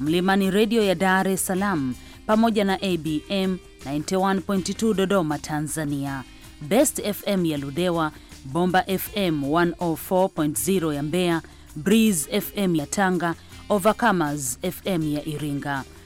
Mlimani Redio ya Dar es Salaam pamoja na ABM 91.2 Dodoma Tanzania, Best FM ya Ludewa, Bomba FM 104.0 ya Mbeya, Breeze FM ya Tanga, Overcomers FM ya Iringa,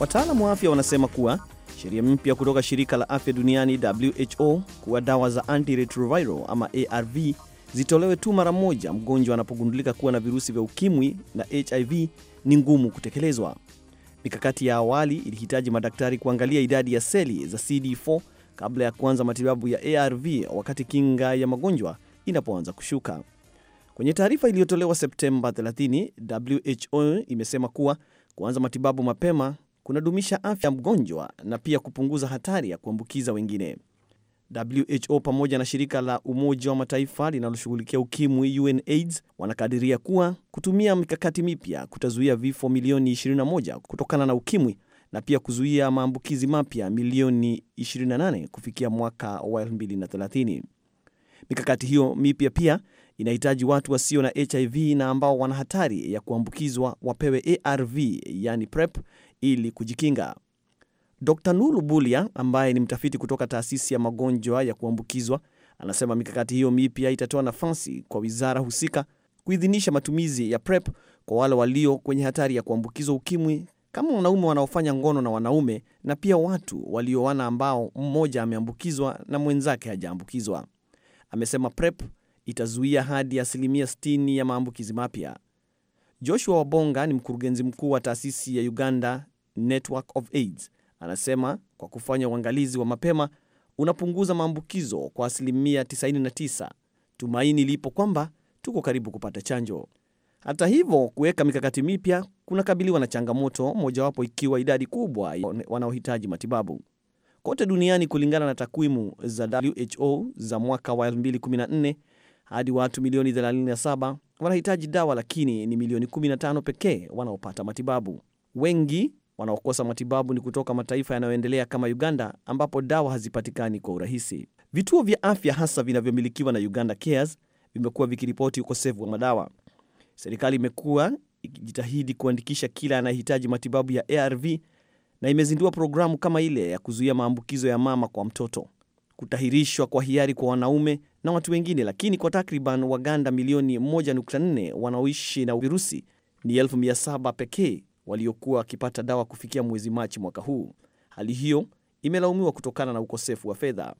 Wataalamu wa afya wanasema kuwa sheria mpya kutoka shirika la afya duniani WHO kuwa dawa za antiretroviral ama ARV zitolewe tu mara moja mgonjwa anapogundulika kuwa na virusi vya ukimwi na HIV ni ngumu kutekelezwa. Mikakati ya awali ilihitaji madaktari kuangalia idadi ya seli za CD4 kabla ya kuanza matibabu ya ARV wakati kinga ya magonjwa inapoanza kushuka. Kwenye taarifa iliyotolewa Septemba 30, WHO imesema kuwa kuanza matibabu mapema kunadumisha afya ya mgonjwa na pia kupunguza hatari ya kuambukiza wengine. WHO pamoja na shirika la Umoja wa Mataifa linaloshughulikia ukimwi UNAIDS wanakadiria kuwa kutumia mikakati mipya kutazuia vifo milioni 21 kutokana na ukimwi na pia kuzuia maambukizi mapya milioni 28 kufikia mwaka wa 2030. Mikakati hiyo mipya pia inahitaji watu wasio na HIV na ambao wana hatari ya kuambukizwa wapewe ARV yani PrEP ili kujikinga. Dr Nulu Bulia ambaye ni mtafiti kutoka taasisi ya magonjwa ya kuambukizwa anasema mikakati hiyo mipya itatoa nafasi kwa wizara husika kuidhinisha matumizi ya PrEP kwa wale walio kwenye hatari ya kuambukizwa ukimwi kama wanaume wanaofanya ngono na wanaume na pia watu walioana ambao mmoja ameambukizwa na mwenzake hajaambukizwa. Amesema PrEP itazuia hadi asilimia 60 ya maambukizi mapya. Joshua Wabonga ni mkurugenzi mkuu wa taasisi ya Uganda Network of AIDS. Anasema kwa kufanya uangalizi wa mapema unapunguza maambukizo kwa asilimia 99. Tumaini lipo kwamba tuko karibu kupata chanjo. Hata hivyo, kuweka mikakati mipya kunakabiliwa na changamoto, mojawapo ikiwa idadi kubwa wanaohitaji matibabu kote duniani. Kulingana na takwimu za WHO za mwaka wa 2014 hadi watu milioni 37 wanahitaji dawa, lakini ni milioni 15 pekee wanaopata matibabu. Wengi wanaokosa matibabu ni kutoka mataifa yanayoendelea kama Uganda, ambapo dawa hazipatikani kwa urahisi. Vituo vya afya hasa vinavyomilikiwa na Uganda Cares vimekuwa vikiripoti ukosefu wa madawa. Serikali imekuwa ikijitahidi kuandikisha kila anayehitaji matibabu ya ARV na imezindua programu kama ile ya kuzuia maambukizo ya mama kwa mtoto kutahirishwa kwa hiari kwa wanaume na watu wengine, lakini kwa takriban Waganda milioni 1.4 wanaoishi na virusi ni 7 pekee waliokuwa wakipata dawa kufikia mwezi Machi mwaka huu. Hali hiyo imelaumiwa kutokana na ukosefu wa fedha.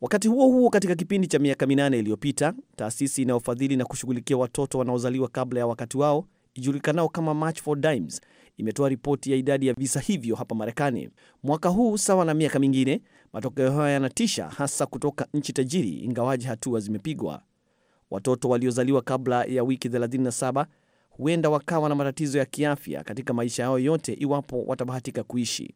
Wakati huo huo, katika kipindi cha miaka minane iliyopita, taasisi inayofadhili na kushughulikia watoto wanaozaliwa kabla ya wakati wao ijulikanao kama March for Dimes imetoa ripoti ya idadi ya visa hivyo hapa Marekani mwaka huu sawa na miaka mingine. Matokeo hayo yanatisha, hasa kutoka nchi tajiri, ingawaji hatua zimepigwa. Watoto waliozaliwa kabla ya wiki 37 huenda wakawa na matatizo ya kiafya katika maisha yao yote iwapo watabahatika kuishi.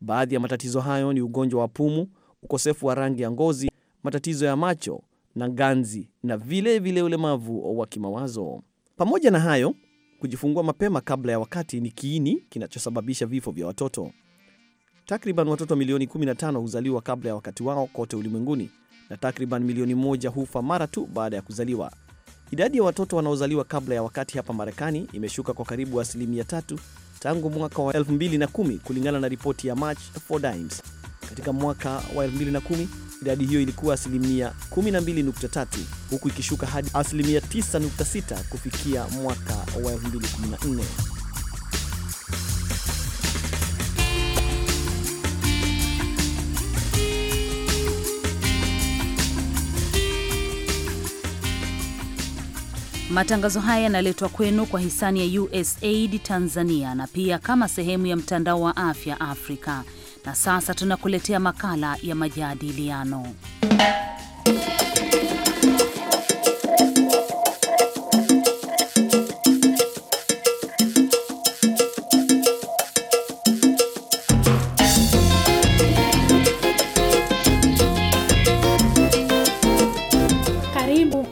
Baadhi ya matatizo hayo ni ugonjwa wa pumu, ukosefu wa rangi ya ngozi, matatizo ya macho na ganzi na vilevile ulemavu wa kimawazo. Pamoja na hayo, Kujifungua mapema kabla ya wakati ni kiini kinachosababisha vifo vya watoto. Takriban watoto milioni 15 huzaliwa kabla ya wakati wao kote ulimwenguni na takriban milioni moja hufa mara tu baada ya kuzaliwa. Idadi ya watoto wanaozaliwa kabla ya wakati hapa Marekani imeshuka kwa karibu asilimia tatu tangu mwaka wa 2010 kulingana na ripoti ya March 4 Dimes. Katika mwaka wa 2010 idadi hiyo ilikuwa asilimia 12.3 huku ikishuka hadi asilimia 9.6 kufikia mwaka wa 2014. Matangazo haya yanaletwa kwenu kwa hisani ya USAID Tanzania na pia kama sehemu ya mtandao wa afya Afrika. Na sasa tunakuletea makala ya majadiliano.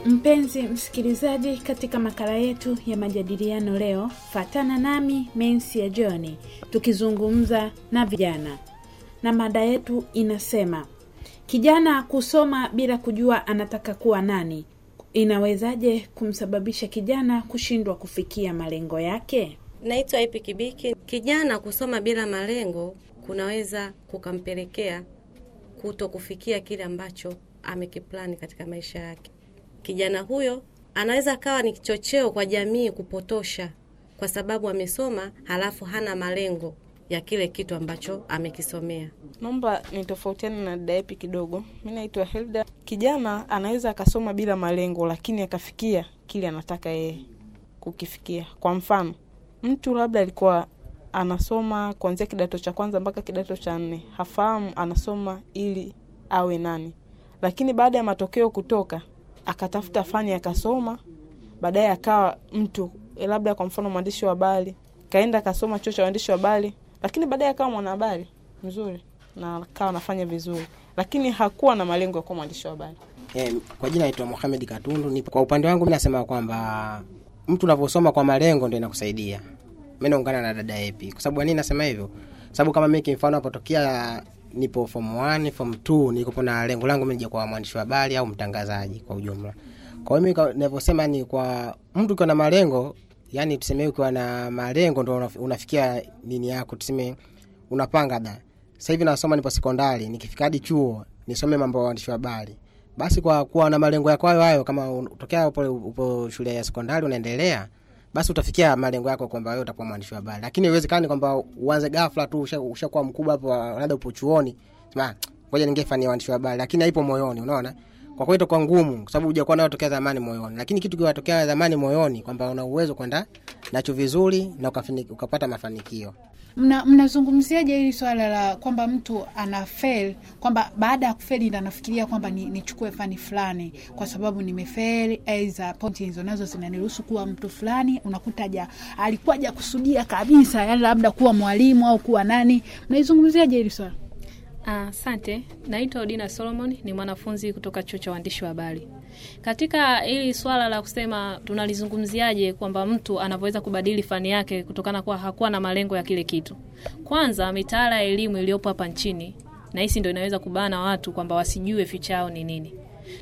Mpenzi msikilizaji, katika makala yetu ya majadiliano leo, fatana nami Mensi ya Johni tukizungumza na vijana na mada yetu inasema kijana kusoma bila kujua anataka kuwa nani inawezaje kumsababisha kijana kushindwa kufikia malengo yake? Naitwa Ipi Kibiki. Kijana kusoma bila malengo kunaweza kukampelekea kuto kufikia kile ambacho amekiplani katika maisha yake. Kijana huyo anaweza akawa ni kichocheo kwa jamii kupotosha, kwa sababu amesoma halafu hana malengo ya kile kitu ambacho amekisomea. Naomba nitofautiane na dada Epi kidogo. Mi naitwa Hilda. Kijana anaweza akasoma bila malengo, lakini akafikia kile anataka yeye kukifikia. Kwa mfano, mtu labda alikuwa anasoma kuanzia kidato cha kwanza mpaka kidato cha nne, hafahamu anasoma ili awe nani, lakini baada ya matokeo kutoka akatafuta fani akasoma, baadaye akawa mtu eh, labda, kwa mfano mwandishi wa habari, kaenda akasoma chuo cha waandishi wa habari lakini baadaye akawa mwanahabari mzuri na akawa anafanya vizuri, lakini hakuwa na malengo ya kuwa mwandishi wa habari. Yeah, kwa jina naitwa Mohamed Katundu. Ni kwa upande wangu mi nasema kwamba mtu unavyosoma kwa malengo ndo inakusaidia. mi naungana na dada Epi. Kwa sababu nini nasema hivyo? Sababu kama mi kimfano hapo nipo fom fom t nikopo na lengo langu mija kwa mwandishi wa habari au mtangazaji kwa ujumla. Kwa hiyo mimi ninavyosema ni kwa mtu ukiwa na malengo yani tuseme ukiwa na malengo ndo unafikia nini yako, tuseme unapanga da, sasa hivi nasoma, nipo sekondari, nikifika hadi chuo nisome mambo ya waandishi wa habari, basi kwa kuwa na malengo yako hayo hayo, kama utokea upo, upo shule ya sekondari unaendelea basi utafikia malengo yako kwamba wewe utakuwa mwandishi wa habari, lakini haiwezekani kwamba uanze ghafla tu ushakuwa mkubwa hapo, labda upo chuoni, sema ah, ngoja ningefanya waandishi wa habari, lakini haipo moyoni, unaona kwa kweli itakuwa ngumu, kwa sababu hujakuwa nayo tokea zamani moyoni. Lakini kitu kiwatokea zamani moyoni kwamba una uwezo kwenda nacho vizuri na ukapata mafanikio. Mnazungumziaje mna hili swala la kwamba mtu ana fail, kwamba baada ya kufeli ndo anafikiria kwamba nichukue ni fani fulani kwa sababu nimefeli, aidha eh, pointi hizo nazo zinaniruhusu kuwa mtu fulani. Unakuta ja alikuwa jakusudia kabisa, yani labda kuwa mwalimu au kuwa nani. Mnaizungumziaje hili swala? Asante, uh, naitwa Odina Solomon, ni mwanafunzi kutoka chuo cha uandishi wa habari. Katika hili swala la kusema tunalizungumziaje kwamba mtu anavyoweza kubadili fani yake kutokana kwa hakuwa na malengo ya kile kitu, kwanza mitaala ya elimu iliyopo hapa nchini na hisi ndio inaweza kubana watu kwamba wasijue ficha yao ni nini.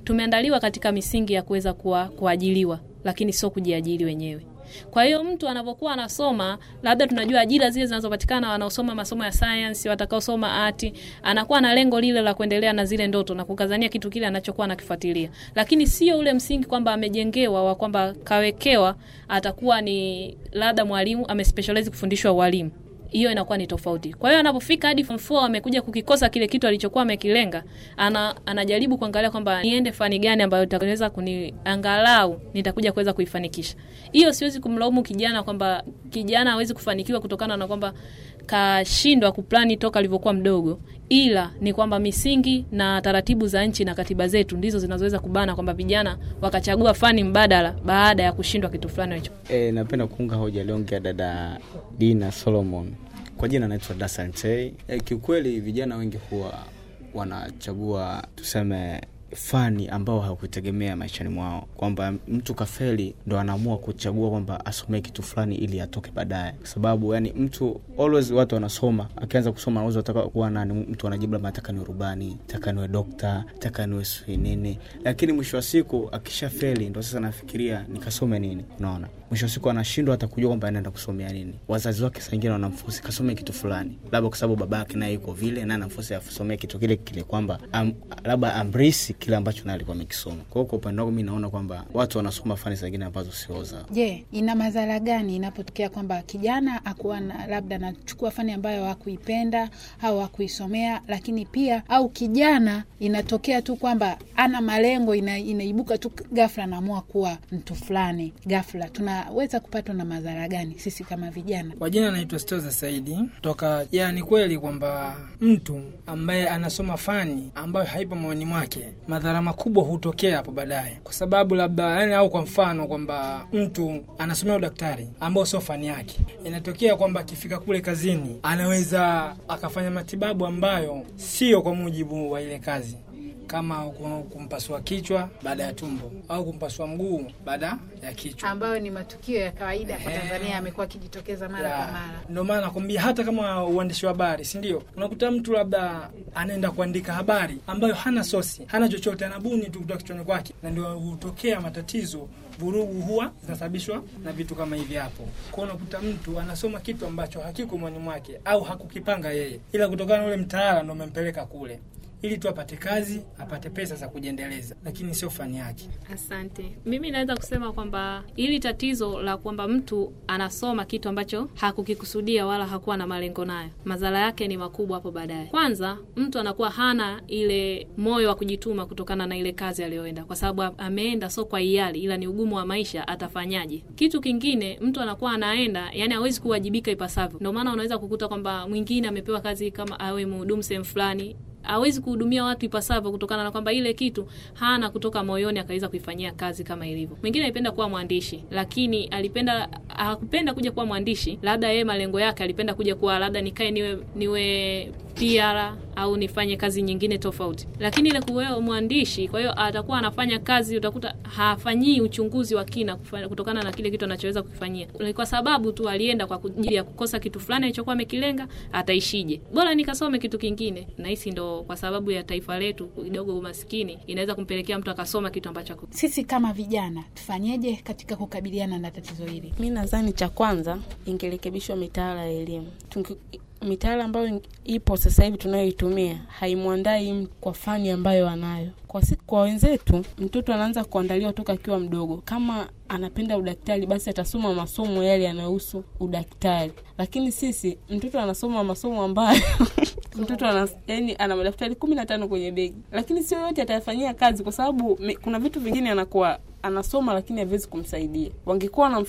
Tumeandaliwa katika misingi ya kuweza kuajiliwa, lakini sio kujiajiri wenyewe. Kwa hiyo mtu anapokuwa anasoma, labda tunajua ajira zile zinazopatikana wanaosoma masomo ya science, watakaosoma art, anakuwa na lengo lile la kuendelea na zile ndoto na kukazania kitu kile anachokuwa anakifuatilia. Lakini sio ule msingi kwamba amejengewa wa kwamba kawekewa atakuwa ni labda mwalimu amespecialize kufundishwa walimu hiyo inakuwa ni tofauti. Kwa hiyo anapofika hadi form 4 amekuja kukikosa kile kitu alichokuwa amekilenga, ana, anajaribu kuangalia kwamba niende fani gani ambayo itaweza kuniangalau nitakuja kuweza kuifanikisha. Hiyo siwezi kumlaumu kijana kwamba kijana hawezi kufanikiwa kutokana na kwamba kashindwa kuplani toka alivyokuwa mdogo, ila ni kwamba misingi na taratibu za nchi na katiba zetu ndizo zinazoweza kubana kwamba vijana wakachagua fani mbadala baada ya kushindwa kitu fulani hicho. E, napenda kuunga hoja aliongea dada Dina Solomon. Kwa jina anaitwa Dasante. E, kiukweli vijana wengi huwa wanachagua tuseme fani ambao hakutegemea maishani mwao, kwamba mtu kafeli ndo anaamua kuchagua kwamba asomee kitu fulani ili atoke baadaye, kwa sababu yani mtu always, watu wanasoma, akianza kusoma anaweza kuwa nani, mtu anajibla labda niwe rubani, nataka niwe dokta, nataka niwe sui nini, lakini mwisho wa siku akisha feli ndo sasa nafikiria nikasome nini, unaona mwisho siku anashindwa hata kujua kwamba anaenda kusomea nini. Wazazi wake sangine wanamfusi kasome kitu fulani, labda kwa sababu baba yake naye yuko vile, naye anamfusi asomee kitu kile kile, kwamba am, labda amrisi kile ambacho naye alikuwa amekisoma. Kwa hiyo kwa upande wangu mi naona kwamba watu wanasoma fani zingine ambazo sio zao. Je, yeah, ina madhara gani inapotokea kwamba kijana akuwa na, labda anachukua fani ambayo hakuipenda au hakuisomea, lakini pia au kijana inatokea tu kwamba ana malengo ina, inaibuka tu ghafla, anaamua kuwa mtu fulani ghafla tuna tunaweza kupatwa na madhara gani sisi kama vijana? Kwa jina naitwa Stoza Saidi toka ya. Ni kweli kwamba mtu ambaye anasoma fani ambayo haipo maoni mwake, madhara makubwa hutokea hapo baadaye, kwa sababu labda yani, au kwa mfano kwamba mtu anasomea udaktari ambao sio fani yake, inatokea kwamba akifika kule kazini anaweza akafanya matibabu ambayo sio kwa mujibu wa ile kazi kama kumpasua kichwa baada ya tumbo au kumpasua mguu baada ya kichwa, ambayo ni matukio ya kawaida kwa Tanzania, yamekuwa akijitokeza mara kwa mara. Ndio maana nakwambia hata kama uandishi wa habari, si ndio? Unakuta mtu labda anaenda kuandika habari ambayo hana sosi, hana chochote, anabuni tu kutoka kichwani kwake, na ndio hutokea matatizo vurugu huwa zinasababishwa na vitu kama hivi hapo. Kwa unakuta mtu anasoma kitu ambacho hakiko mwani mwake au hakukipanga yeye, ila kutokana na ule mtaala ndo umempeleka kule ili tu apate kazi apate pesa za kujiendeleza, lakini sio fani yake. Asante. Mimi naweza kusema kwamba ili tatizo la kwamba mtu anasoma kitu ambacho hakukikusudia wala hakuwa na malengo nayo, madhara yake ni makubwa hapo baadaye. Kwanza, mtu anakuwa hana ile moyo wa kujituma kutokana na ile kazi aliyoenda, kwa sababu ameenda sio kwa hiari, ila ni ugumu ugumu wa maisha atafanyaje? Kitu kingine mtu anakuwa anaenda, yani hawezi kuwajibika ipasavyo. Ndio maana unaweza kukuta kwamba mwingine amepewa kazi kama awe mhudumu sehemu fulani hawezi kuhudumia watu ipasavyo kutokana na kwamba ile kitu hana kutoka moyoni akaweza kuifanyia kazi kama ilivyo. Mwingine alipenda kuwa mwandishi, lakini alipenda hakupenda kuja kuwa mwandishi, labda yeye malengo yake alipenda kuja kuwa labda nikae niwe niwe PR au nifanye kazi nyingine tofauti, lakini ile kuwa mwandishi, kwa hiyo atakuwa anafanya kazi, utakuta hafanyii uchunguzi wa kina kutokana na kile kitu anachoweza kukifanyia, kwa sababu tu alienda kwa ajili ya kukosa kitu fulani alichokuwa amekilenga. Ataishije? Bora nikasome kitu kingine. Nahisi ndo kwa sababu ya taifa letu kidogo umaskini inaweza kumpelekea mtu akasoma kitu ambacho Sisi kama vijana tufanyeje katika kukabiliana na tatizo hili? Mi nadhani cha kwanza ingerekebishwa mitaala ya elimu mitaala ambayo ipo sasa hivi tunayoitumia haimwandai kwa fani ambayo anayo. Kwa, siku kwa wenzetu mtoto anaanza kuandaliwa toka akiwa mdogo. Kama anapenda udaktari, basi atasoma masomo yale yanayohusu udaktari, lakini sisi mtoto anasoma masomo ambayo mtoto ana yani ana madaftari kumi na tano kwenye begi, lakini sio yote atayafanyia kazi, kwa sababu kuna vitu vingine anakuwa anasoma lakini haviwezi kumsaidia. Wangekuwa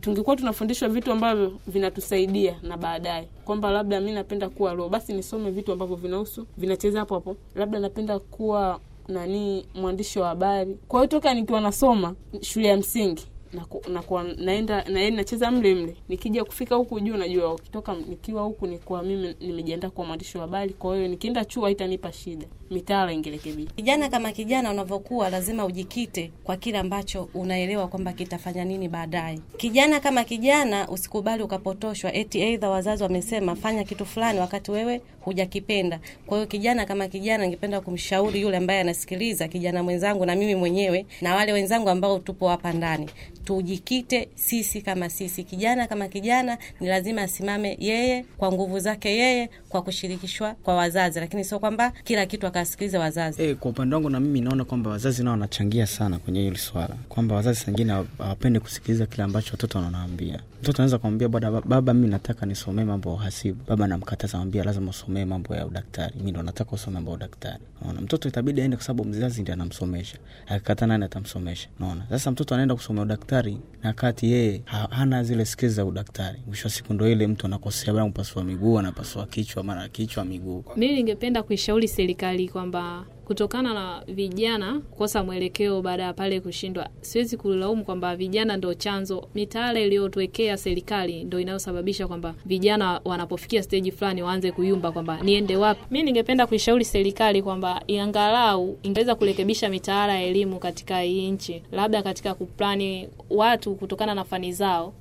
tungekuwa tunafundishwa vitu ambavyo vinatusaidia na baadaye, kwamba labda mi napenda kuwa roho, basi nisome vitu ambavyo vinahusu vinacheza hapo hapo, labda napenda kuwa nani mwandishi wa habari. Kwa hiyo toka nikiwa nasoma shule ya msingi na ku, na naenda na nacheza mle mle. Nikija kufika huku juu, najua ukitoka nikiwa huku nikuwa mimi nimejiandaa kwa mwandishi wa habari, kwa hiyo nikienda chuo haitanipa shida mitaala ingerekebishwa. Kijana kama kijana unavyokuwa, lazima ujikite kwa kile ambacho unaelewa kwamba kitafanya nini baadaye. Kijana kama kijana, usikubali ukapotoshwa eti aidha wazazi wamesema fanya kitu fulani wakati wewe hujakipenda. Kwa hiyo kijana kama kijana, ningependa kumshauri yule ambaye anasikiliza, kijana mwenzangu na mimi mwenyewe na wale wenzangu ambao tupo hapa ndani, tujikite sisi kama sisi. Kijana kama kijana ni lazima asimame yeye kwa nguvu zake yeye, kwa kushirikishwa kwa wazazi, lakini sio kwamba kila kitu aka wanasikiliza wazazi? E, kwa upande wangu na mimi naona kwamba wazazi nao wanachangia sana kwenye hili swala, kwamba wazazi wengine hawapendi kusikiliza kile ambacho watoto wanaambia. Mtoto anaweza kuambia bwana, baba, mimi nataka nisomee mambo ya uhasibu. Baba anamkataza anamwambia, lazima usomee mambo ya udaktari, mimi ndo nataka usome mambo ya udaktari. naona mtoto itabidi aende kwa sababu mzazi ndiye anamsomesha, akikata nani atamsomesha? naona sasa mtoto anaenda kusomea udaktari na kati yeye hana zile skills za udaktari. Mwisho wa siku ndo ile mtu anakosea, bwana, kupasua miguu, anapasua kichwa, mara kichwa, miguu. Mimi ningependa kuishauri serikali kweli kwamba kutokana na vijana kukosa mwelekeo baada ya pale kushindwa, siwezi kulaumu kwamba vijana ndo chanzo. Mitaala iliyotwekea serikali ndo inayosababisha kwamba vijana wanapofikia steji fulani waanze kuyumba kwamba niende wapi. Mi ningependa kuishauri serikali kwamba angalau ingeweza kurekebisha mitaala ya elimu katika hii nchi, labda katika kuplani watu kutokana na fani zao.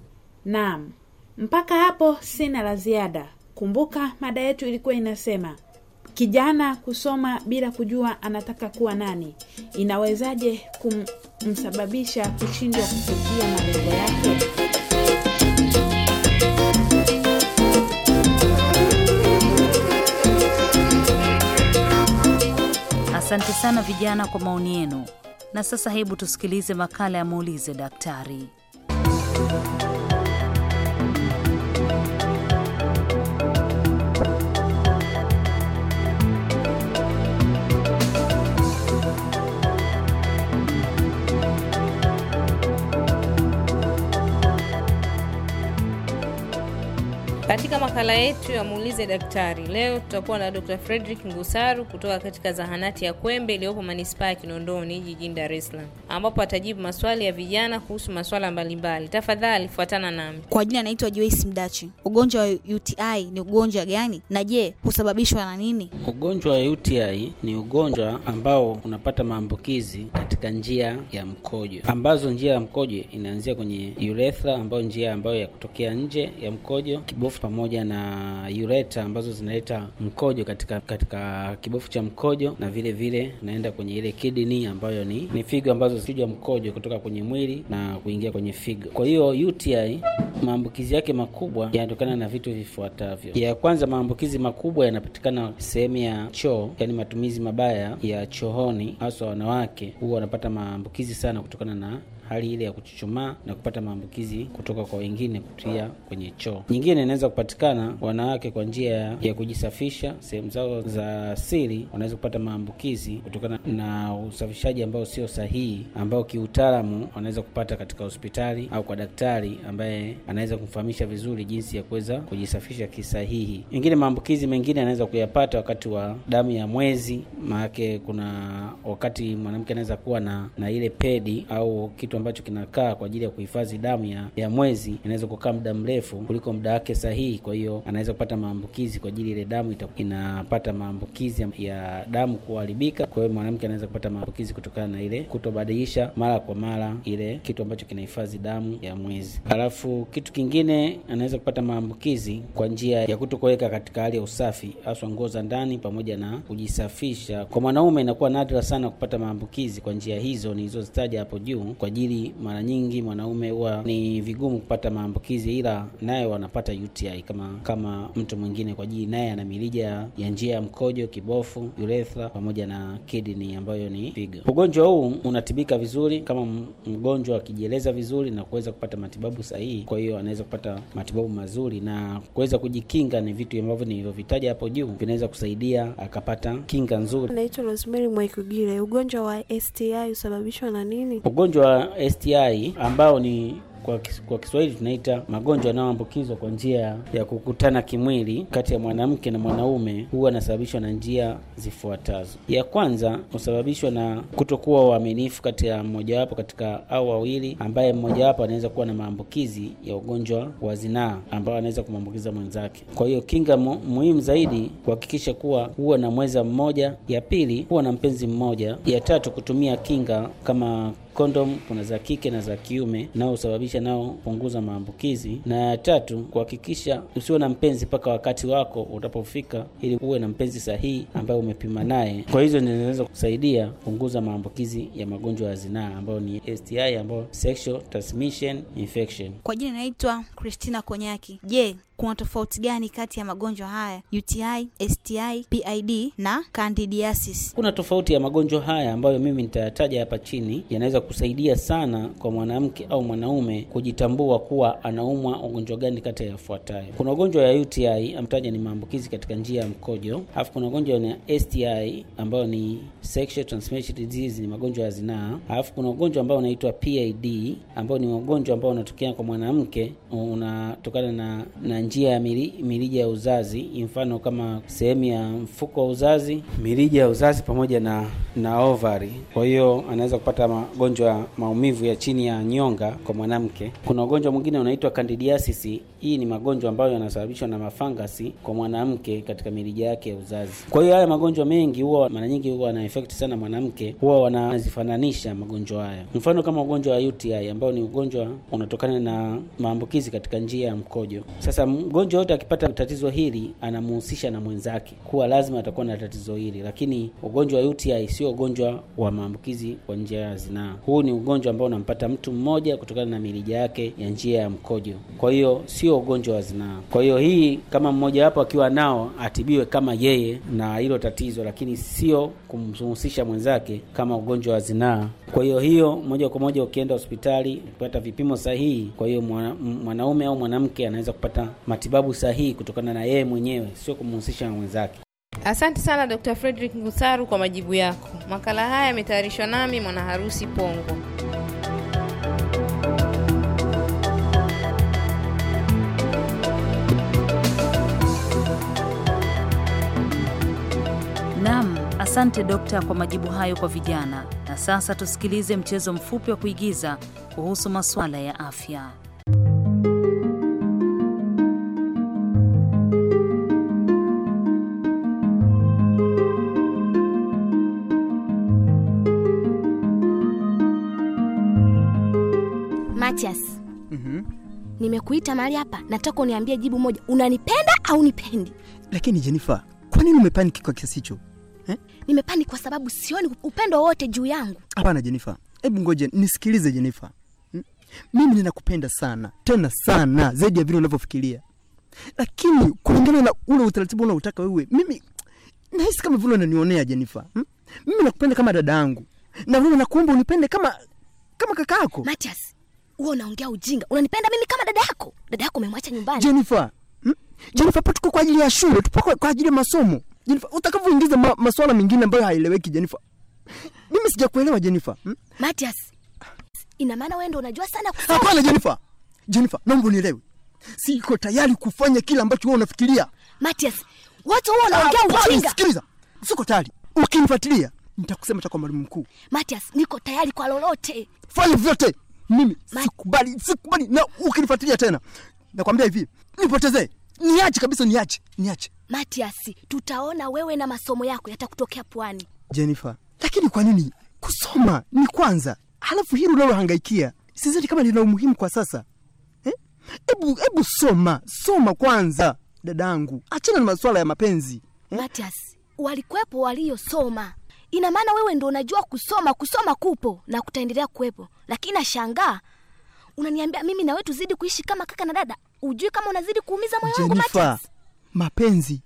Naam, mpaka hapo sina la ziada. Kumbuka mada yetu ilikuwa inasema kijana kusoma bila kujua anataka kuwa nani inawezaje kumsababisha kushindwa kufikia malengo yake? Asante sana vijana kwa maoni yenu, na sasa hebu tusikilize makala ya muulize daktari. Katika makala yetu ya muulize daktari leo tutakuwa na Dr. fredrik Ngusaru kutoka katika zahanati ya Kwembe iliyopo manispaa ya Kinondoni jijini Dar es ambapo atajibu maswali ya vijana kuhusu maswala mbalimbali. Tafadhali fuatana nami. Kwa jina anaitwa Joyce Mdachi. Ugonjwa wa UTI ni ugonjwa gani, na je, husababishwa na nini? Ugonjwa wa UTI ni ugonjwa ambao unapata maambukizi katika njia ya mkojo, ambazo njia ya mkojo inaanzia kwenye urethra, ambayo njia ambayo ya kutokea nje ya mkojo, kibofu pamoja na ureta ambazo zinaleta mkojo katika katika kibofu cha mkojo, na vile vile naenda kwenye ile kidini ambayo ni, ni figo ambazo zikija mkojo kutoka kwenye mwili na kuingia kwenye figo. Kwa hiyo UTI maambukizi yake makubwa yanatokana na vitu vifuatavyo. Ya kwanza, maambukizi makubwa yanapatikana sehemu ya choo, yani matumizi mabaya ya chooni, hasa wanawake huwa wanapata maambukizi sana kutokana na hali ile ya kuchuchumaa na kupata maambukizi kutoka kwa wengine kutia kwenye choo. Nyingine inaweza kupatikana wanawake kwa njia ya kujisafisha sehemu zao za siri, wanaweza kupata maambukizi kutokana na usafishaji ambao sio sahihi, ambao kiutaalamu wanaweza kupata katika hospitali au kwa daktari ambaye anaweza kumfahamisha vizuri jinsi ya kuweza kujisafisha kisahihi. Ingine maambukizi mengine anaweza kuyapata wakati wa damu ya mwezi, maanake kuna wakati mwanamke anaweza kuwa na, na ile pedi au kitu ambacho kinakaa kwa ajili ya kuhifadhi damu ya, ya mwezi inaweza kukaa muda mrefu kuliko muda wake sahihi. Kwa hiyo anaweza kupata maambukizi kwa ajili ile damu inapata maambukizi ya damu kuharibika. Kwa hiyo mwanamke anaweza kupata maambukizi kutokana na ile kutobadilisha mara kwa mara ile kitu ambacho kinahifadhi damu ya mwezi. alafu kitu kingine anaweza kupata maambukizi kwa njia ya kutokuweka katika hali ya usafi, haswa nguo za ndani pamoja na kujisafisha. Kwa mwanaume inakuwa nadra sana kupata maambukizi kwa njia hizo nilizozitaja hapo juu kwa ajili pili, mara nyingi mwanaume huwa ni vigumu kupata maambukizi, ila naye wanapata UTI kama kama mtu mwingine, kwa jili naye ana mirija ya njia ya mkojo, kibofu, urethra pamoja na kidney ambayo ni figo. Ugonjwa huu unatibika vizuri kama mgonjwa akijieleza vizuri na kuweza kupata matibabu sahihi, kwa hiyo anaweza kupata matibabu mazuri na kuweza kujikinga. Ni vitu ambavyo nilivyovitaja hapo juu vinaweza kusaidia akapata kinga nzuri. Naitwa Rosemary Mwaikugile. Ugonjwa wa STI husababishwa na nini? Ugonjwa STI ambao ni kwa, Kiswahili tunaita magonjwa yanayoambukizwa kwa njia ya kukutana kimwili kati ya mwanamke na mwanaume huwa anasababishwa na njia zifuatazo. Ya kwanza husababishwa na kutokuwa uaminifu kati ya mmojawapo katika au wawili, ambaye mmojawapo anaweza kuwa na maambukizi ya ugonjwa wa zinaa ambao anaweza kumwambukiza mwenzake. Kwa hiyo kinga mu, muhimu zaidi kuhakikisha kuwa huwa na mweza mmoja. Ya pili, huwa na mpenzi mmoja. Ya tatu, kutumia kinga kama kondom, kuna za kike na za kiume, nao husababisha nao punguza maambukizi. Na tatu, kuhakikisha usiwe na mpenzi mpaka wakati wako utapofika, ili uwe na mpenzi sahihi ambaye umepima naye. Kwa hizo zinaweza kusaidia kupunguza maambukizi ya magonjwa ya zinaa ambayo ni STI, ambayo sexual transmission infection. Kwa jina naitwa Christina Konyaki. Je, kuna tofauti gani kati ya magonjwa haya UTI, STI, PID na candidiasis? Kuna tofauti ya magonjwa haya ambayo mimi nitayataja hapa chini, yanaweza kusaidia sana kwa mwanamke au mwanaume kujitambua kuwa anaumwa ugonjwa gani kati ya yafuatayo. Kuna ugonjwa ya UTI amtaja ni maambukizi katika njia ya mkojo, alafu kuna ugonjwa ya STI ambayo ni sexual transmitted disease, ni magonjwa ya zinaa, alafu kuna ugonjwa ambao unaitwa PID ambao ni ugonjwa ambao unatokea kwa mwanamke unatokana na, na njia ya mirija ya uzazi, mfano kama sehemu ya mfuko wa uzazi, mirija ya uzazi pamoja na, na ovari. Kwa hiyo anaweza kupata magonjwa maumivu ya chini ya nyonga kwa mwanamke. Kuna ugonjwa mwingine unaitwa candidiasis. Hii ni magonjwa ambayo yanasababishwa na mafangasi kwa mwanamke katika mirija yake ya uzazi. Kwa hiyo haya magonjwa mengi huwa mara nyingi huwa na effect sana mwanamke, huwa wanazifananisha magonjwa haya, mfano kama ugonjwa wa UTI ambao ni ugonjwa unatokana na maambukizi katika njia ya mkojo. Sasa mgonjwa yote akipata tatizo hili anamuhusisha na mwenzake kuwa lazima atakuwa na tatizo hili, lakini ugonjwa wa UTI sio ugonjwa wa maambukizi kwa njia ya zinaa. Huu ni ugonjwa ambao unampata mtu mmoja kutokana na mirija yake ya njia ya mkojo, kwa hiyo sio ugonjwa wa zinaa. Kwa hiyo hii, kama mmoja wapo akiwa nao atibiwe kama yeye na hilo tatizo, lakini sio kumhusisha mwenzake kama ugonjwa wa zinaa. Kwa hiyo hiyo, moja kwa moja ukienda hospitali ukipata vipimo sahihi, kwa hiyo mwanaume mwana au mwanamke anaweza kupata matibabu sahihi kutokana na yeye mwenyewe, sio kumhusisha na mwenzake. Asante sana Dr. Frederick Ngusaru kwa majibu yako. Makala haya yametayarishwa nami mwana harusi Pongo. Naam, asante dokta kwa majibu hayo kwa vijana. Na sasa tusikilize mchezo mfupi wa kuigiza kuhusu masuala ya afya. Mathias. Mm-hmm. Nimekuita mahali hapa, nataka uniambie jibu moja, unanipenda au nipendi? Lakini Jennifer, kwa nini umepaniki kwa kiasi hicho eh? Nimepaniki kwa sababu sioni upendo wowote juu yangu. Hapana Jennifer, hebu ngoje nisikilize Jennifer. Hmm? Mimi ninakupenda sana tena sana zaidi ya vile unavyofikiria, lakini kulingana na ule utaratibu unaotaka wewe, mimi nahisi kama vile unanionea Jennifer. Hmm? Mimi nakupenda kama dada yangu na vile nakuomba unipende kama kama kakaako Matias huo unaongea ujinga unanipenda mimi kama dada yako dada yako umemwacha nyumbani jennifer hmm? jennifer hapa tuko kwa ajili ya shule tupo kwa ajili ya masomo jennifer utakavyoingiza ma, maswala mengine ambayo haieleweki jennifer mimi sijakuelewa jennifer hmm? matias ina maana wewe ndio unajua sana kusoma hapana jennifer jennifer naomba unielewe siko tayari kufanya kile ambacho wewe unafikiria matias watu huo wanaongea ujinga sikiliza siko tayari ukinifuatilia nitakusema cha kwa mwalimu mkuu matias niko tayari kwa lolote fanya vyote mimi sikubali, sikubali, na ukinifuatilia tena nakwambia hivi, nipotezee, niache kabisa, niache, niache. Matiasi, tutaona wewe na masomo yako yatakutokea pwani. Jennifer, lakini kwa nini kusoma ni kwanza, halafu hili unalohangaikia sizani kama lina umuhimu kwa sasa eh? Ebu, ebu soma soma kwanza, dadangu, achana na masuala ya mapenzi eh? Matias, walikwepo waliosoma ina maana wewe ndo unajua kusoma kusoma kupo na kutaendelea kuwepo lakini nashangaa unaniambia mimi nawe tuzidi kuishi kama kaka na dada ujui kama unazidi kuumiza moyo wangu mapenzi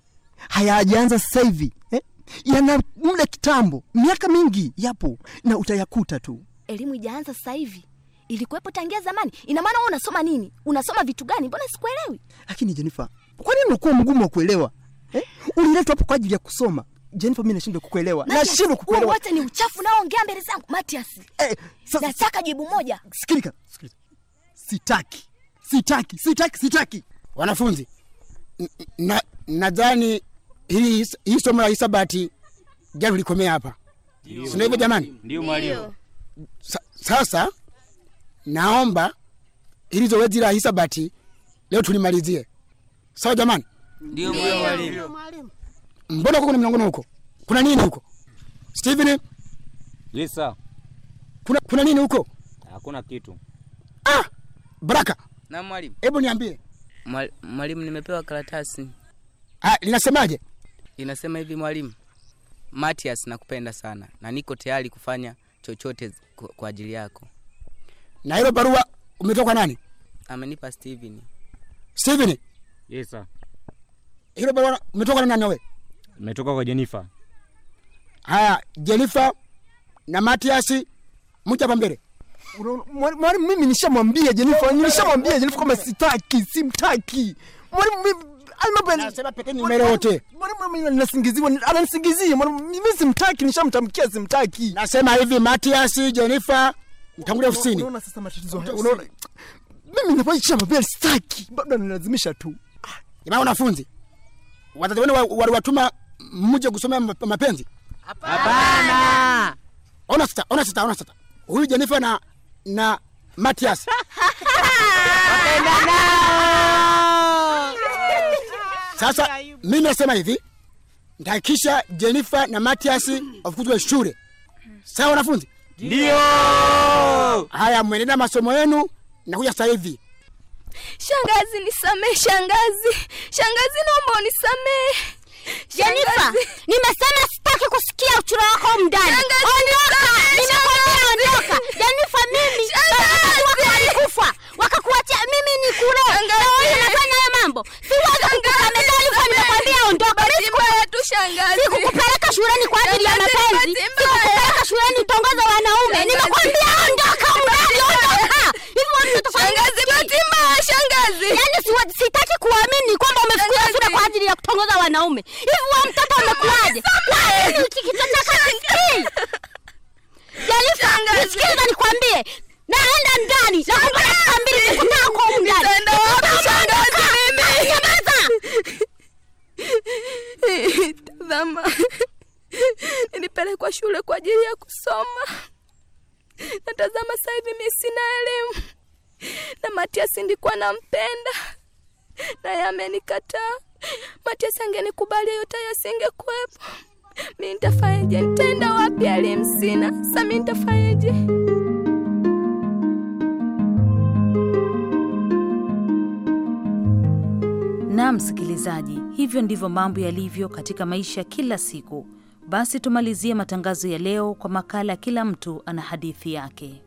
hayajaanza sasa hivi eh? yana mle kitambo miaka mingi yapo na utayakuta tu elimu ijaanza sasa hivi ilikuwepo tangia zamani ina maana wewe unasoma nini unasoma vitu gani mbona sikuelewi lakini jenifa kwa nini ukuwa mgumu wa kuelewa eh? uliletwa hapo kwa ajili ya kusoma Jennifer, mimi nashindwa kukuelewa, nashindwa kukuelewa. Wote ni uchafu naongea mbele zangu Matias. Eh, sasa nataka jibu moja. Sikilika, sikilika. Sitaki, sitaki, sitaki, sitaki. Wanafunzi, na nadhani hili hii somo la hisabati jana likomea hapa, si ndio hivyo jamani? Ndio mwalimu. Sa, sasa naomba hili zoezi la hisabati leo tulimalizie, sawa jamani? Ndio mwalimu. Ndio mwalimu. Mbona kuna mlangoni huko? Kuna nini huko? Steven? Yes sir. Kuna kuna nini huko? Hakuna kitu. Ah! Baraka. Na mwalimu. Hebu niambie. Mwalimu, nimepewa karatasi. Ah, linasemaje? Inasema hivi mwalimu. Matias, nakupenda sana na niko tayari kufanya chochote kwa ajili yako. Na hilo barua umetoka nani? Amenipa Steven. Steven? Yes sir. Hilo barua umetoka na nani wewe? Umetoka kwa Jenifa. Haya, Jenifa na matias mja mbele. Mwalimu, mimi nishamwambia Jenifa, nilishamwambia Jenifa kama sitaki, simtaki mwalimu anasema wote. Mwalimu mwalimu. Mimi simtaki, nishamtamkia simtaki. Nasema hivi Matias, Jenifa mtangulia ofisini. Unaona sasa matatizo haya, unaona mimi sitaki, bado nalazimisha tu. Jamaa wanafunzi wazazi wenu waliwatuma mje kusomea mapenzi? Hapana. Ona sasa, ona sasa, ona sasa. Huyu Jenifer na na Matias. Sasa mimi nasema hivi, nitahakikisha Jenifer na Matias wafukuzwe shule. Sawa wanafunzi? Ndio. Haya, mwendelea masomo yenu, na kuja sasa hivi. Shangazi, nisamehe shangazi. Shangazi, naomba unisamee. Jenifa, nimesema sitaki kusikia uchura wako mdani. Ondoka, nimekwambia ondoka. Jenifa, mimi wako walikufa wakakuachia mimi ni kule na wewe unafanya hayo mambo, siwezi kukusameza. Alikuwa nimekwambia ondoka. Sikukupeleka shuleni kwa ajili ya mapenzi, sikukupeleka shuleni utongoza wanaume. Nimekwambia ondoka mdani, ondoka. Hivi wewe tofauti. Shangazi Matimba Yaani, yaani sitaki kuamini kwamba umefukuza shule yaani kwa ajili ya kutongoza wanaume. Hivi wa mtoto amekulaje? Kwa nini ukikitaka kiki? Jarifa, nisikilize nikwambie. Naenda ndani. Na Nakumbana saa mbili sikutaka kwa huko ndani. Nitaenda wapi shangazi mimi? Nyamaza. Tazama. Nilipelekwa shule kwa ajili ya kusoma. Natazama sasa hivi mimi sina elimu. na Matias ndikuwa nampenda naye amenikataa. Matias angenikubali yote yasingekuwepo. Mi nitafanyaje? Nitaenda wapi? Alimsina sasa, mi nitafanyaje? Na msikilizaji, hivyo ndivyo mambo yalivyo katika maisha kila siku. Basi tumalizie matangazo ya leo kwa makala, kila mtu ana hadithi yake.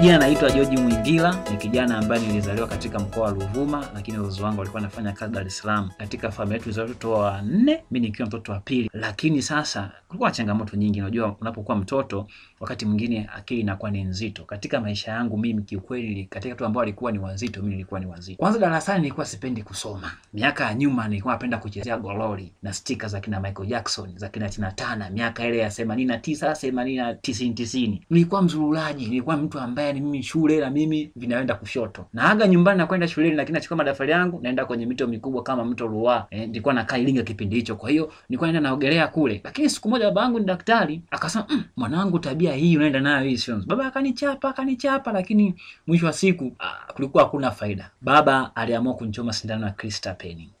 jina naitwa George Mwingila kijana ambaye nilizaliwa katika mkoa wa Ruvuma, lakini wazazi wangu walikuwa nafanya kazi Dar es Salaam. Katika familia yetu tulizaliwa watoto wa nne, mimi nikiwa mtoto wa pili. Lakini sasa kulikuwa na changamoto nyingi. Unajua, unapokuwa mtoto wakati mwingine akili inakuwa ni nzito. Katika maisha yangu mimi kiukweli, katika watu ambao walikuwa ni wazito, mimi nilikuwa ni wazito. Kwanza darasani nilikuwa sipendi kusoma. Miaka ya nyuma nilikuwa napenda kuchezea gololi na stika za kina Michael Jackson, za kina Tina Turner, miaka ile ya 89 80 90 90. Nilikuwa mzururaji, nilikuwa mtu ambaye ni mimi shule na mimi vinaenda kushoto. Naaga nyumbani na kwenda shuleni, lakini nachukua madaftari yangu naenda kwenye mito mikubwa kama mto Ruwa. Eh, nilikuwa na Kailinga kipindi hicho, kwa hiyo nilikuwa naenda naogelea kule. Lakini siku moja babangu ni daktari akasema, mmm, mwanangu, tabia hii unaenda nayo hii sio. Baba akanichapa akanichapa, lakini mwisho wa siku ah, kulikuwa hakuna faida. Baba aliamua kunichoma sindano ya Crystal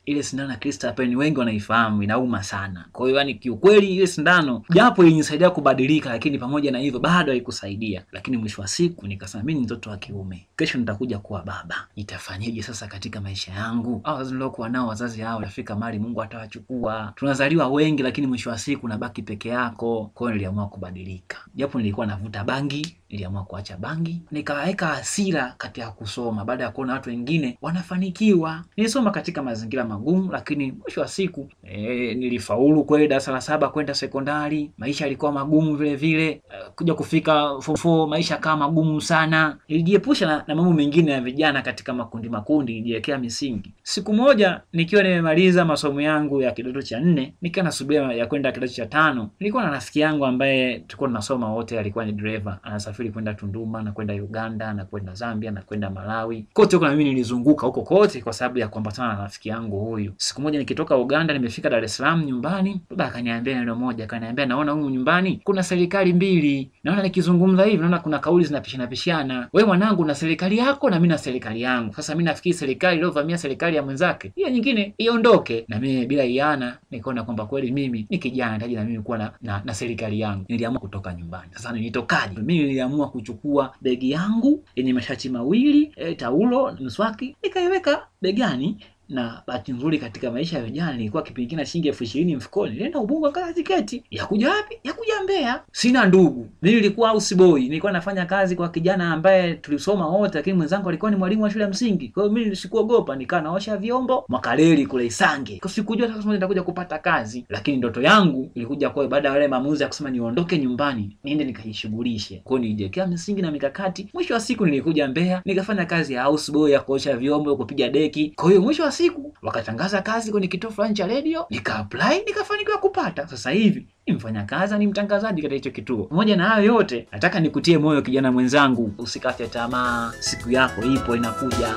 Ile sindano ya Crystal wengi wanaifahamu, inauma sana. Kwa hiyo yani, kiukweli ile sindano japo ilinisaidia kubadilika, lakini pamoja na hivyo bado haikusaidia. Lakini mwisho wa siku nikasema mimi ni mtoto wa kiume, kesho nitakuja kuwa baba, nitafanyaje sasa katika maisha yangu? Au wazazi niliokuwa nao, wazazi hao tafika mali Mungu atawachukua. Tunazaliwa wengi, lakini mwisho wa siku nabaki peke yako. Kwa hiyo niliamua kubadilika, japo nilikuwa navuta bangi iliamua kuacha bangi nikaweka hasira kati ya kusoma baada ya kuona watu wengine wanafanikiwa. Nilisoma katika mazingira magumu, lakini mwisho wa siku e, nilifaulu kweli darasa la saba kwenda sekondari. Maisha yalikuwa magumu vile vile, eh, kuja kufika form four maisha akawa magumu sana. Nilijiepusha na, na mambo mengine ya vijana katika makundi makundi, nilijiwekea misingi. Siku moja nikiwa nimemaliza masomo yangu ya kidato cha nne, nikiwa nasubiria ya kwenda kidato cha tano, nilikuwa na rafiki yangu ambaye tulikuwa tunasoma wote, alikuwa ni dreva anasafiri nikasafiri kwenda Tunduma na kwenda Uganda na kwenda Zambia na kwenda Malawi, kote huko na mimi nilizunguka huko kote kwa sababu ya kuambatana na rafiki yangu huyu. Siku moja nikitoka Uganda, nimefika Dar es Salaam nyumbani, baba akaniambia neno moja, akaniambia naona huyu nyumbani kuna serikali mbili, naona nikizungumza hivi, naona kuna kauli zinapishana pishana. Wewe mwanangu, na serikali yako na mimi na serikali yangu. Sasa mimi nafikiri serikali iliyovamia serikali ya mwenzake, hiyo nyingine iondoke. Na mimi bila iana nikaona kwamba kweli mimi ni kijana taji na mimi kuwa na, na, na serikali yangu. Niliamua kutoka nyumbani. Sasa nilitokaje mimi? niliamua kuchukua begi yangu yenye mashati mawili e, taulo, mswaki nikaiweka begani na bahati nzuri katika maisha ya vijana nilikuwa kipindi kina shilingi elfu ishirini mfukoni, nilienda Ubungo nikakata tiketi ya kuja wapi, ya kuja mbea Sina ndugu, mimi nilikuwa house boy, nilikuwa nafanya kazi kwa kijana ambaye tulisoma wote, lakini mwenzangu alikuwa ni mwalimu wa shule ya msingi. Kwa hiyo mimi sikuogopa, nikaa naosha vyombo Mwakaleli kule Isange, kwa sikujua sasa kama nitakuja kupata kazi, lakini ndoto yangu ilikuja kwa baada ya wale maamuzi ya kusema niondoke nyumbani niende nikajishughulishe. Kwa hiyo nilijiwekea msingi na mikakati. Mwisho wa siku nilikuja mbea nikafanya kazi ya house boy, ya kuosha vyombo, kupiga deki. Kwa hiyo mwisho wa siku, wakatangaza kazi kwenye kituo fulani cha redio, nikaapply nikafanikiwa kupata. Sasa hivi ni mfanyakazi, ni mtangazaji katika hicho kituo. Pamoja na hayo yote, nataka nikutie moyo kijana mwenzangu, usikate tamaa, siku yako ipo inakuja.